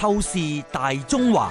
透視大中華。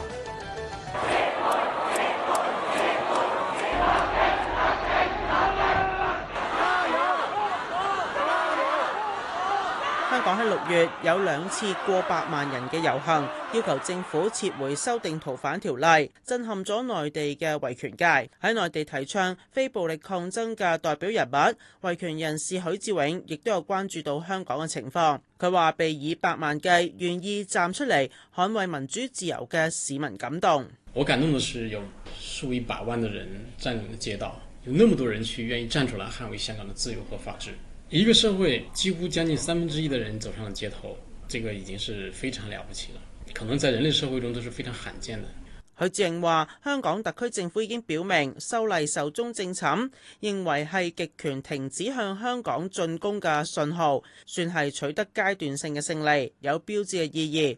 喺六月有兩次過百萬人嘅遊行，要求政府撤回修訂逃犯條例，震撼咗內地嘅維權界。喺內地提倡非暴力抗爭嘅代表人物、維權人士許志永，亦都有關注到香港嘅情況。佢話：被以百萬計願意站出嚟捍衛民主自由嘅市民，感動。我感動的是有數以百萬的人佔領的街道，有那麼多人去願意站出來捍衛香港的自由和法治。一個社會幾乎將近三分之一的人走上了街頭，這個已經是非常了不起了，可能在人類社會中都是非常罕見的。許志永話，香港特區政府已經表明修例壽終正寢，認為係極權停止向香港進攻嘅信號，算係取得階段性嘅勝利，有標誌嘅意義。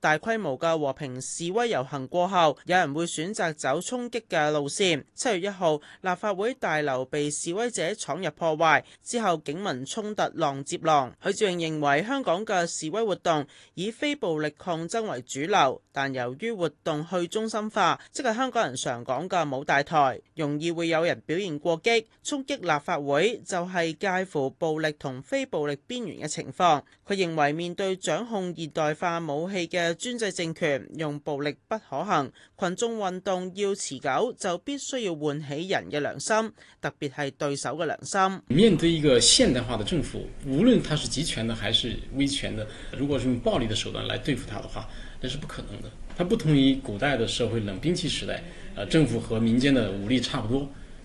大規模嘅和平示威遊行過後，有人會選擇走衝擊嘅路線。七月一號，立法會大樓被示威者闖入破壞，之後警民衝突浪接浪。許志永認為香港嘅示威活動以非暴力抗爭為主流，但由於活動去中心化，即係香港人常講嘅冇大台，容易會有人表現過激，衝擊立法會就係、是、介乎暴力同非暴力邊緣嘅情況。佢認為面對掌控現代化武器嘅專制政權用暴力不可行，群眾運動要持久，就必須要喚起人嘅良心，特別係對手嘅良心。面對一個現代化嘅政府，無論他是集權的還是威權的，如果是用暴力的手段來對付他的話，那是不可能的。它不同於古代的社會冷兵器時代，啊，政府和民間的武力差不多。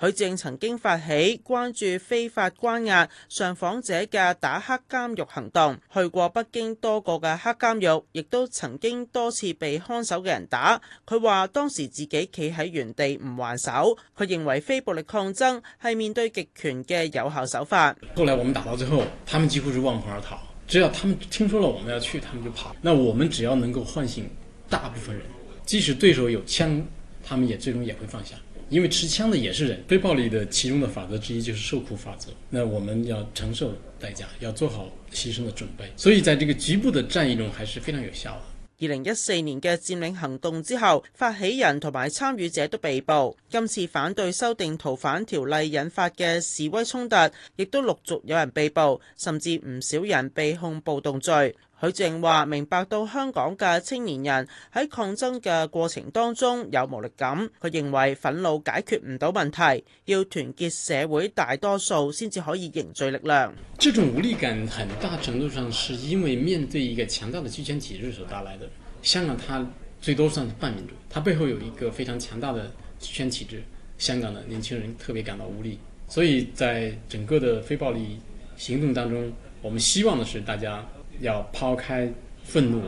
許志永曾經發起關注非法關押上訪者嘅打黑監獄行動，去過北京多個嘅黑監獄，亦都曾經多次被看守嘅人打。佢話：當時自己企喺原地唔還手，佢認為非暴力抗爭係面對極權嘅有效手法。後來我們打到最後，他們幾乎是望風而逃。只要他們聽說了我們要去，他們就跑。那我們只要能夠喚醒大部分人，即使對手有槍，他們也最終也會放下。因為持槍的也是人，非暴力的其中的法則之一就是受苦法則。那我們要承受代價，要做好犧牲的準備。所以，在這個局部的戰役中，還是非常有效。二零一四年嘅佔領行動之後，發起人同埋參與者都被捕。今次反對修訂逃犯條例引發嘅示威衝突，亦都陸續有人被捕，甚至唔少人被控暴動罪。許志永話明白到香港嘅青年人喺抗爭嘅過程當中有無力感，佢認為憤怒解決唔到問題，要團結社會大多數先至可以凝聚力量。這種無力感很大程度上是因為面對一個強大的極權體制所帶來嘅。香港，它最多算是半民主，它背後有一個非常強大的極權體制，香港嘅年輕人特別感到無力。所以在整個的非暴力行動當中，我們希望嘅是大家。要拋開憤怒，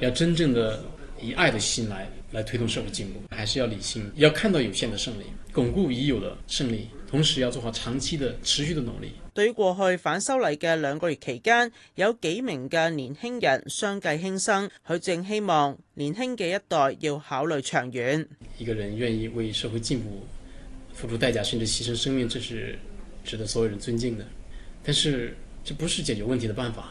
要真正的以愛的心來來推動社會進步，還是要理性，要看到有限的勝利，鞏固已有的勝利，同時要做好長期的持續的努力。對於過去反修例嘅兩個月期間，有幾名嘅年輕人相繼輕生。佢正希望年輕嘅一代要考慮長遠。一個人願意為社會進步付出代價，甚至犧牲生命，這是值得所有人尊敬的。但是，這不是解決問題的辦法。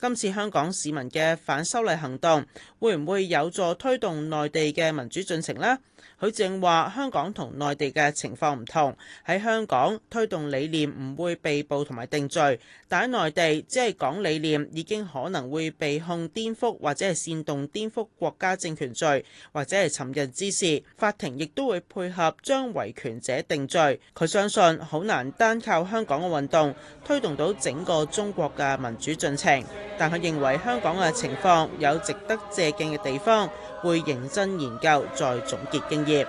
今次香港市民嘅反修例行動會唔會有助推動內地嘅民主進程咧？許正話香港同內地嘅情況唔同，喺香港推動理念唔會被捕同埋定罪，但喺內地只係講理念已經可能會被控顛覆或者係煽動顛覆國家政權罪，或者係尋釁之事尋釁滋事，法庭亦都會配合將維權者定罪。佢相信好難單靠香港嘅運動推動到整個中國嘅民主進程。但佢認為香港嘅情況有值得借鏡嘅地方，會認真研究再總結經驗。